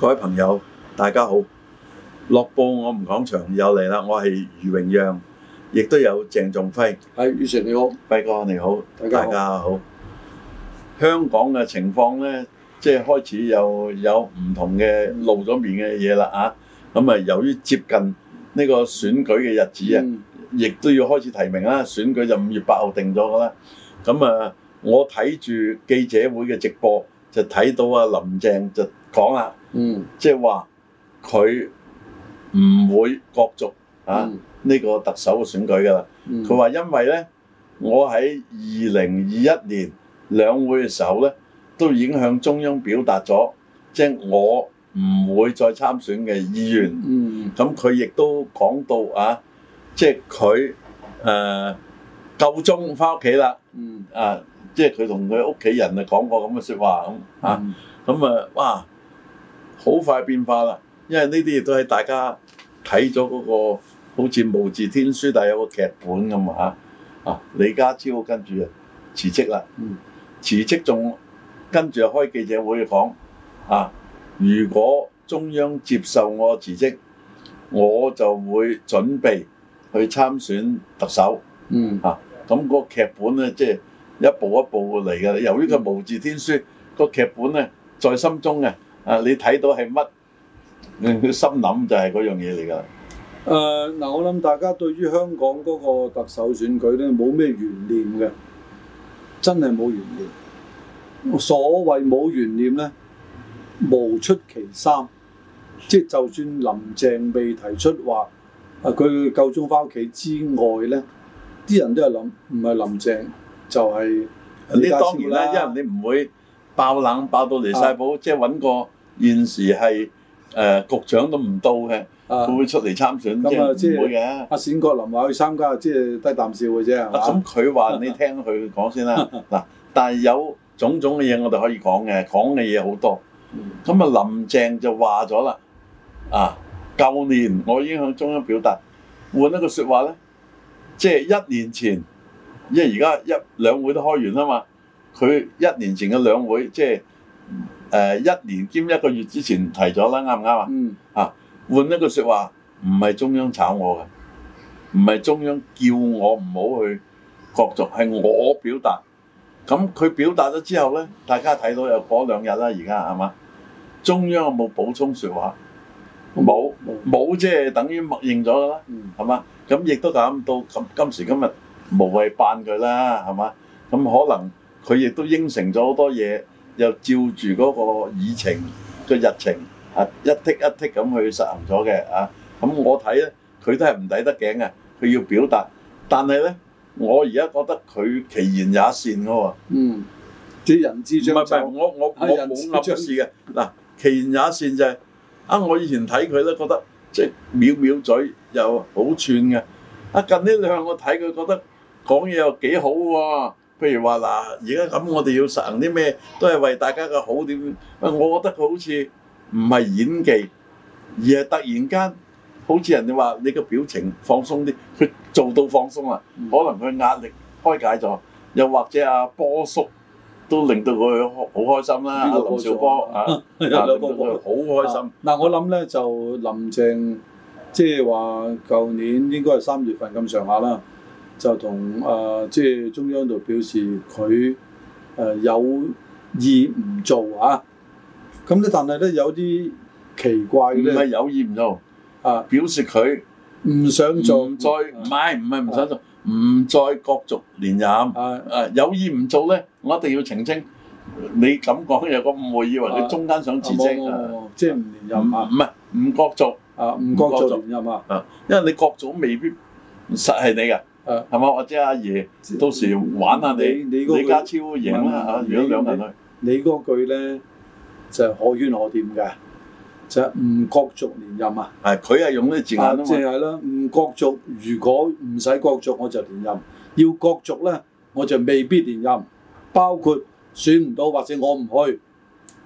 各位朋友，大家好！樂報我們講場，又嚟啦！我係余榮陽，亦都有鄭仲輝。係，宇成你好，輝哥你好，大家好。香港嘅情況呢，即係開始又有唔同嘅露咗面嘅嘢啦啊！咁啊，由於接近呢個選舉嘅日子啊，亦都要開始提名啦。選舉就五月八號定咗㗎啦。咁啊，我睇住記者會嘅直播，就睇到啊林鄭就講啦。嗯，即係話佢唔會角逐、嗯、啊呢個特首嘅選舉㗎啦。佢話、嗯、因為咧，我喺二零二一年兩會嘅時候咧，都已經向中央表達咗，即係我唔會再參選嘅意願。咁佢亦都講到啊，即係佢誒夠鐘翻屋企啦。啊，即係佢同佢屋企人啊講過咁嘅説話。咁啊，咁啊，哇！哇好快變化啦，因為呢啲亦都係大家睇咗嗰個好似無字天書，但係有個劇本咁啊！啊，李家超跟住辭職啦，辭職仲跟住開記者會講啊，如果中央接受我辭職，我就會準備去參選特首。嗯啊，咁嗰個劇本咧，即係一步一步嚟嘅。由於佢無字天書，嗯，個劇本咧在心中嘅。啊！你睇到係乜？佢心諗就係嗰樣嘢嚟㗎。誒嗱、呃呃，我諗大家對於香港嗰個特首選舉咧，冇咩懸念嘅，真係冇懸念。所謂冇懸念咧，無出其三，即係就算林鄭未提出話，啊佢夠鐘返屋企之外咧，啲人都係諗唔係林鄭就係、是、你、呃、當然啦，因為你唔會。爆冷爆到離晒譜，啊，即係揾個現時係誒、呃、局長都唔到嘅，佢、啊、會，會出嚟參選，即係唔會嘅、啊。阿冼、啊、國林話去參加，即係低啖笑嘅啫。咁佢、啊啊、話： 你聽佢講先啦。嗱，但係有種種嘅嘢我哋可以講嘅，講嘅嘢好多。咁啊、嗯，林鄭就話咗啦，啊，舊年我已經向中央表達，換一個説話咧，即、就、係、是、一年前，因為而家一,一兩會都，都開完啦嘛。佢一年前嘅兩會，即係誒一年兼一個月之前提咗啦，啱唔啱啊？嗯。嚇，換一句説話，唔係中央炒我嘅，唔係中央叫我唔好去角逐，係我表達。咁佢表達咗之後咧，大家睇到有嗰兩日啦，而家係嘛？中央有冇補充説話？冇、嗯，冇，即係等於默認咗㗎啦，係嘛？咁亦都搞到咁今時今日無謂扮佢啦，係嘛？咁可能。佢亦都應承咗好多嘢，又照住嗰個議程、個日程啊，一剔一剔咁去實行咗嘅啊。咁、嗯、我睇咧，佢都係唔抵得頸嘅，佢要表達。但係咧，我而家覺得佢其言也善嘅喎。嗯，啲人之將就唔係唔係，我我我冇出事嘅嗱。其、啊、言也善就係、是、啊！我以前睇佢都覺得即係藐藐，藐嘴又好串嘅。啊，近呢兩日我睇佢覺得講嘢又幾好喎、啊。譬如話嗱，而家咁我哋要實行啲咩，都係為大家嘅好點。啊，我覺得佢好似唔係演技，而係突然間好似人哋話你個表情放鬆啲，佢做到放鬆啦。可能佢壓力開解咗，又或者阿、啊、波叔都令到佢好開心啦。阿林兆波啊，阿林兆波好開心。嗱、 啊啊，我諗咧就林鄭，即係話舊年應該係三月份咁上下啦。就同啊，即係中央度表示佢誒有意唔做啊。咁咧，但係咧有啲奇怪嘅，唔係有意唔做啊，表示佢唔想做，再唔係唔係唔想做，唔再角逐連任誒誒有意唔做咧，我一定要澄清，你咁講有個誤會，以為你中間想自稱即係唔連任啊，唔係唔角逐啊，唔角逐任啊，因為你角逐未必實係你㗎。啊，係嘛？或 者樂阿爺到時玩下你，李家超贏啦嚇！如果兩個人，你嗰句咧就可圈可點嘅，就係唔國族連任啊！係佢係用呢字眼啊嘛！即係啦，唔國族，如果唔使國族，我就連任；要國族咧，我就未必連任。包括選唔到，或者我唔去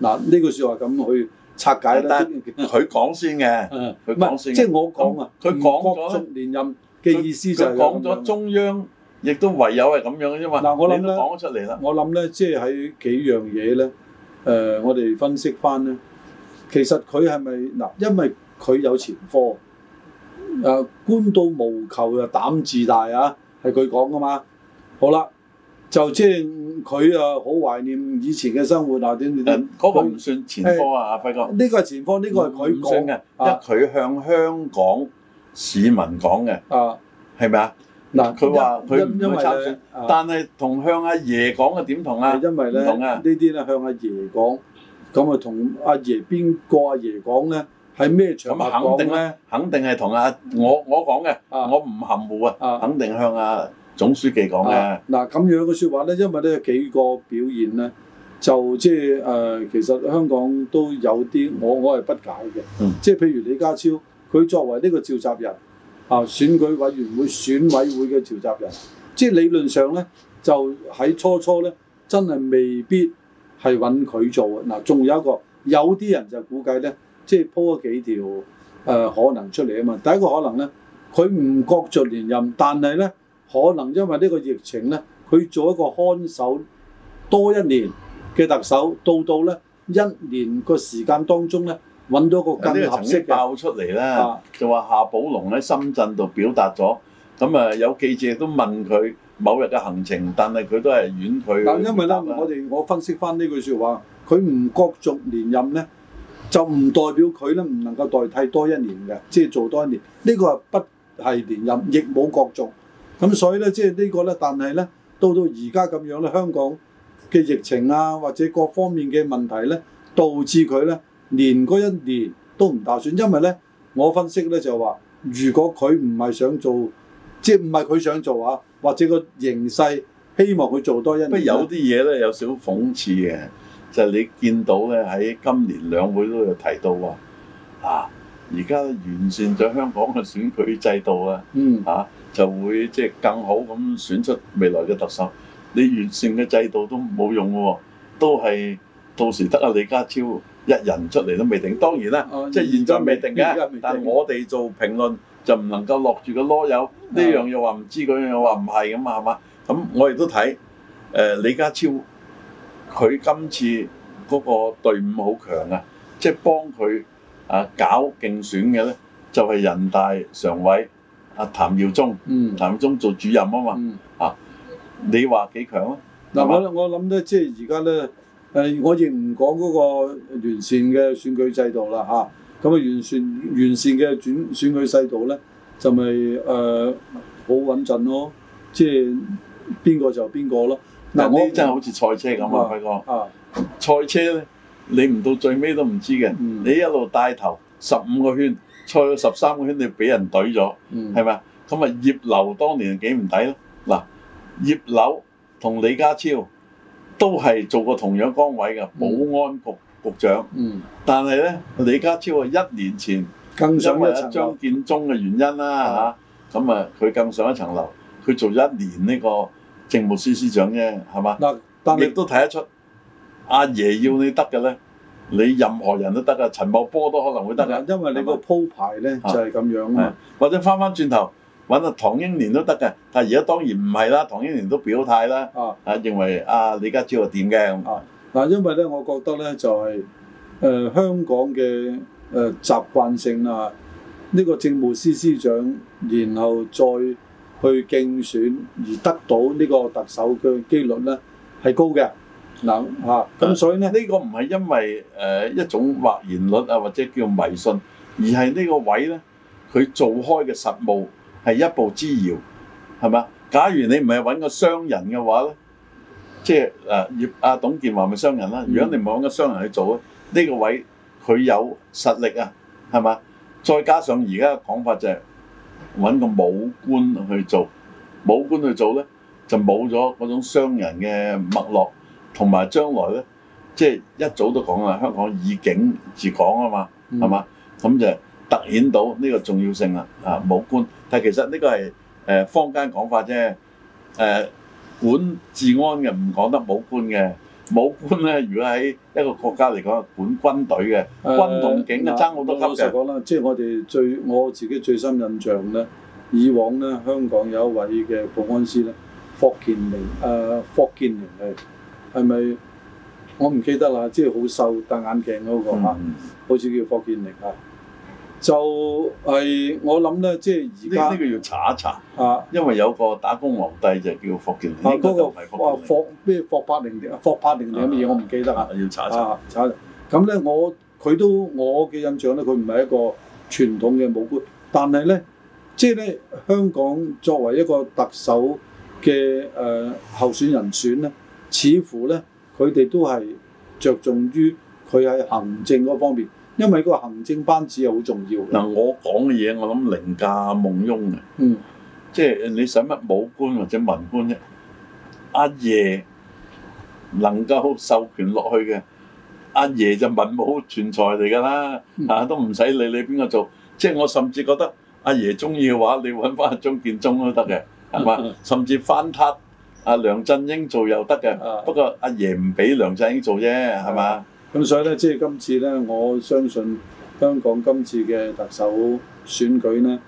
嗱，呢句説話咁去拆解啦。佢講先嘅，佢講先，唔係即係我講啊！佢講國族連任。 嘅意思就係講咗中央，亦都唯有係咁樣啫嘛。嗱、啊，我諗咧、講咗出嚟啦，我諗咧，即係喺幾樣嘢咧，誒，我哋分析翻咧，其實佢係咪嗱？因為佢有前科，誒、啊，官到無求又膽自大啊，係佢講噶嘛。好啦，就即係佢啊，好懷念以前嘅生活嗱、啊，點點點。嗰不個唔算前科啊，阿輝哥。呢、哎呢個係前科，呢、呢個係佢講。嘅、嗯，一佢、啊、向香港市民講嘅啊，係咪呢啊？嗱，佢話佢唔去參選，但係同向阿、啊、爺講嘅點同啊？因為咧唔同啊，呢啲咧向阿、啊、爺講，咁啊同阿爺邊個阿、啊、爺講咧？係咩場合講？肯定咧，肯定係同阿我我講嘅，我唔含糊啊，肯定向阿、啊、總書記講嘅。嗱咁、啊啊、樣嘅説話咧，因為咧幾個表現咧，就即係誒，其實香港都有啲、嗯、我我係不解嘅，嗯、即係譬如李家超。佢作為呢個召集人啊，選舉委員會選委會嘅召集人，即係理論上咧，就喺初初咧，真係未必係揾佢做啊！嗱，仲有一個，有啲人就估計咧，即係鋪咗幾條誒、呃、可能出嚟啊嘛。第一個可能咧，佢唔角逐連任，但係咧，可能因為呢個疫情咧，佢做一個看守多一年嘅特首，到到咧一年個時間當中咧。揾到個更合適嘅，爆出嚟啊、就話夏寶龍喺深圳度表達咗，咁誒有記者都問佢某日嘅行程，但係佢都係婉拒。嗱，因為咧，我哋我分析翻呢句説話，佢唔角逐連任咧，就唔代表佢咧唔能夠代替多一年嘅，即係做多一年。呢、這個係不係連任，亦冇角逐。咁所以咧，即係呢個咧，但係咧，到到而家咁樣咧，香港嘅疫情啊，或者各方面嘅問題咧，導致佢咧。連嗰一年都唔打算，因為咧，我分析咧就係話，如果佢唔係想做，即係唔係佢想做啊，或者個形勢希望佢做多一年。不過有啲嘢咧有少少諷刺嘅，就係你見到咧喺今年兩會都有提到話，啊，而家完善咗香港嘅選舉制度啊，嗯，啊就會即係更好咁選出未來嘅特首。你完善嘅制度都冇用嘅喎，都係到時得啊，李家超。一人出嚟都未定，當然啦，啊、即係現，現在未定嘅。但係我哋做評論就唔能夠落住個囉柚，呢的樣又話唔知，嗰樣又話唔係咁嘛，係嘛？咁我亦都睇誒李家超，佢今次嗰個隊伍好強啊！即係幫佢啊搞競選嘅咧，就係人大常委阿譚耀宗，譚耀宗做主任啊嘛。啊，你話幾強啊？嗱、啊，我我諗咧，即係而家咧。誒、呃，我亦唔講嗰個完善嘅選舉制度啦嚇，咁啊樣完善完善嘅選選舉制度咧，就咪誒好穩陣咯，即係邊個就邊個咯。嗱、啊，呢啲真係好似賽車咁啊，係個啊，啊，啊，啊賽車咧，你唔到最尾都唔知嘅，嗯、你一路帶頭十五個圈，賽咗十三個圈你俾人懟咗，係咪、嗯？咁啊葉劉當年係幾唔抵咯？嗱，葉劉同李家超，都係做過同樣崗位嘅、嗯、保安局局長，嗯，但係咧、嗯、李家超啊，一年前更上一層樓，因為張建宗嘅原因啦、啊、嚇，咁吧啊佢更上一層樓，佢做一年呢個政務司司長啫，係嘛？亦是都睇得出阿爺，爺要你得嘅咧，你任何人都得㗎，陳茂波都可能會得㗎，因為你個鋪排咧吧就係咁樣啊是是或者翻翻轉頭。揾阿唐英年都得嘅，但係而家當然唔係啦，唐英年都表態啦，啊，認為阿李家超係點嘅，啊，嗱，因為咧，我覺得咧就係誒香港嘅誒習慣性啦，呢個政務司司長，然後再去競選而得到呢個特首嘅機率咧係高嘅，嗱嚇，咁所以咧呢個唔係因為誒一種話言率啊，或者叫迷信，而係呢個位咧佢做開嘅實務。係一步之遙，係嘛？假如你唔係揾個商人嘅話咧，即係誒葉阿董建華咪商人啦。如果你唔係揾個商人去做咧，呢、這個位佢有實力啊，係嘛？再加上而家嘅講法就係、是、揾個武官去做，武官去做咧就冇咗嗰種商人嘅脈絡，同埋將來咧即係一早都講啦，香港以警治港啊嘛，係嘛？咁、嗯、就突顯到呢個重要性啦，啊武官。但其實呢個係誒、呃、坊間講法啫。誒、呃、管治安嘅唔講得武官嘅，武官咧如果喺一個國家嚟講，管軍隊嘅軍同警嘅爭好多，呃、老實講啦，即係我哋最我自己最深印象咧，以往咧香港有一位嘅保安司咧，霍建寧誒、啊，霍建寧係係咪我唔記得啦，即係好瘦戴眼鏡嗰，那個、嗯、好似叫霍建寧嚇。就係、是、我諗咧，即係而家呢個要查一查啊，因為有個打工皇帝就係叫霍建寧，應該唔係霍建寧。啊，嗰、那個霍啊霍八零柏寧？霍柏寧定乜嘢？我唔記得啊。要查一查，啊、查咁咧，我佢都我嘅印象咧，佢唔係一個傳統嘅武官，但係咧，即係咧，香港作為一個特首嘅誒、呃、候選人選咧，似乎咧佢哋都係着重於佢喺行政嗰方面。因為個行政班子係好重要嗱，我講嘅嘢我諗凌駕夢慵嘅，嗯，即係你使乜武官或者文官啫？阿爺能夠授權落去嘅，阿爺就文武全才嚟㗎啦，嚇都唔使理你邊個做，即係我甚至覺得阿爺中意嘅話，你揾翻阿張建宗都得嘅，係嘛？甚至翻撻阿梁振英做又得嘅，不過阿爺唔俾梁振英做啫，係嘛？咁、嗯、所以咧，即係今次咧，我相信香港今次嘅特首選舉咧，誒、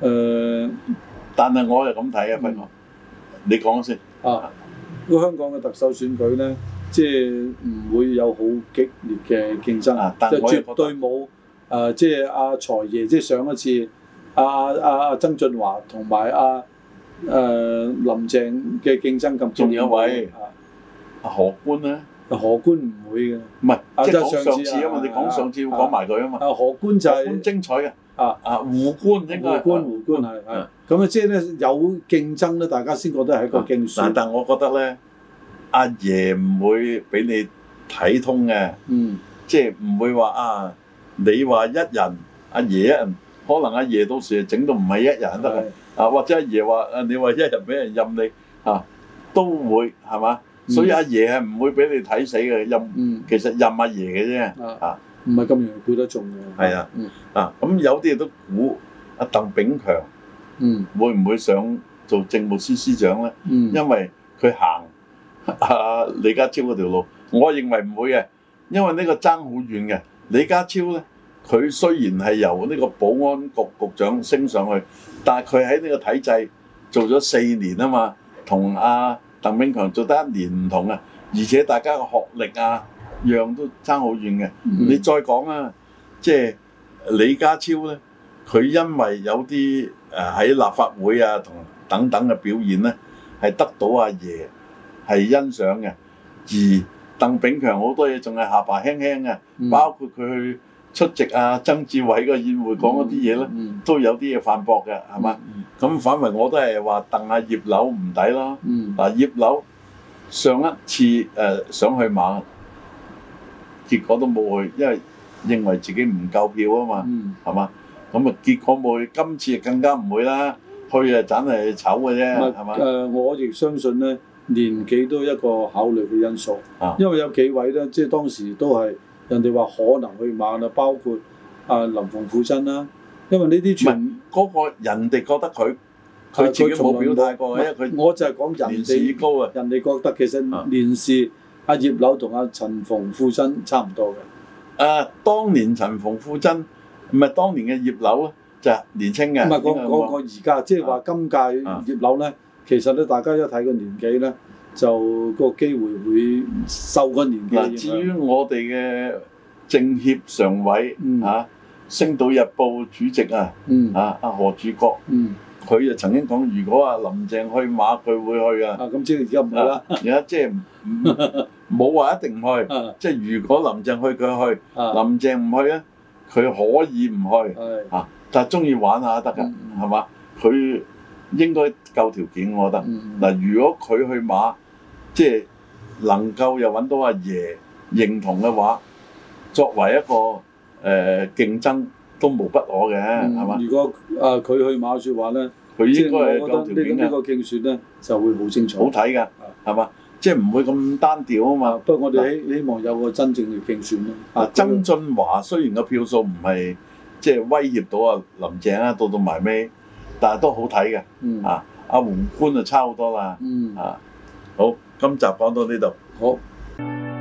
呃，但係我又咁睇啊，不過、嗯，你講先。啊，香港嘅特首選舉咧，即係唔會有好激烈嘅競爭，啊、但係絕對冇誒、呃，即係阿財爺，即係上一次阿阿、啊啊啊、曾俊華同埋阿誒林鄭嘅競爭咁。仲有位啊，阿、啊啊啊、何官咧？何官唔會嘅，唔係，即係上次啊嘛，你講上次要講埋佢啊嘛。啊，何官就係精彩嘅。啊啊，胡官應該胡官胡官啊啊。咁啊，即係咧有競爭咧，大家先覺得係一個競選。嗱，但係我覺得咧，阿爺唔會俾你睇通嘅。嗯。即係唔會話啊，你話一人，阿爺一人，可能阿爺到時整到唔係一人得㗎。啊，或者阿爺話啊，你話一人俾人任你啊，都會係嘛？所以阿爺係唔會俾你睇死嘅任，其實任阿爺嘅啫，啊，唔係咁容易估得中嘅。係啊，啊咁有啲嘢都估阿鄧炳強，會唔會想做政務司司長咧？因為佢行阿李家超嗰條路，我認為唔會嘅，因為呢個爭好遠嘅。李家超咧，佢雖然係由呢個保安局局長升上去，但係佢喺呢個體制做咗四年啊嘛，同阿。鄧炳強做得一年唔同啊，而且大家嘅學歷啊樣都差好遠嘅。嗯、你再講啊，即係李家超咧，佢因為有啲誒喺立法會啊同等等嘅表現咧，係得到阿爺係欣賞嘅。而鄧炳強好多嘢仲係下巴輕輕嘅，嗯、包括佢去出席啊曾志偉個宴會講嗰啲嘢咧，嗯嗯、都有啲嘢犯駁嘅，係嘛？嗯咁反為我都係話替啊葉劉唔抵啦。嗱、嗯啊、葉劉上一次誒、呃、想去馬，結果都冇去，因為認為自己唔夠票啊嘛。係嘛、嗯？咁啊結果冇去，今次更加唔會啦。去啊，盞係醜嘅啫，係嘛吧？誒、呃、我亦相信咧年紀都一個考慮嘅因素，啊、因為有幾位咧，即、就、係、是、當時都係人哋話可能去馬啦，包括啊、呃、林鳳虎新啦、啊，因為呢啲全。嗰個人哋覺得佢，佢自己冇表態過啊！因為我我就係講年事高啊，人哋覺得其實年事阿葉劉同阿陳馮富珍差唔多嘅。啊，當年陳馮富珍唔係當年嘅葉劉咧，就年青嘅。唔係嗰嗰個而家，即係話今屆葉劉咧，其實咧大家一睇個年紀咧，就個機會會受個年紀。至於我哋嘅政協常委嚇。星島日報主席啊，啊啊何柱國，佢就曾經講：如果啊林鄭去馬，佢會去啊。咁，即係而家唔係啦，而家即係冇話一定唔去。即係如果林鄭去，佢去；林鄭唔去啊，佢可以唔去。啊，但係中意玩下得㗎，係嘛？佢應該夠條件，我覺得嗱。如果佢去馬，即係能夠又揾到阿爺認同嘅話，作為一個，誒競爭都無不可嘅，係嘛？如果啊，佢去馬說話咧，佢應該係夠條件嘅。呢呢個競選咧就會好清楚，好睇㗎，係嘛？即係唔會咁單調啊嘛。不過我哋希希望有個真正嘅競選咯。啊，曾俊華雖然個票數唔係即係威脅到啊林鄭啊，到到埋尾，但係都好睇嘅。啊，阿胡官就差好多啦。啊，好，今集講到呢度。好。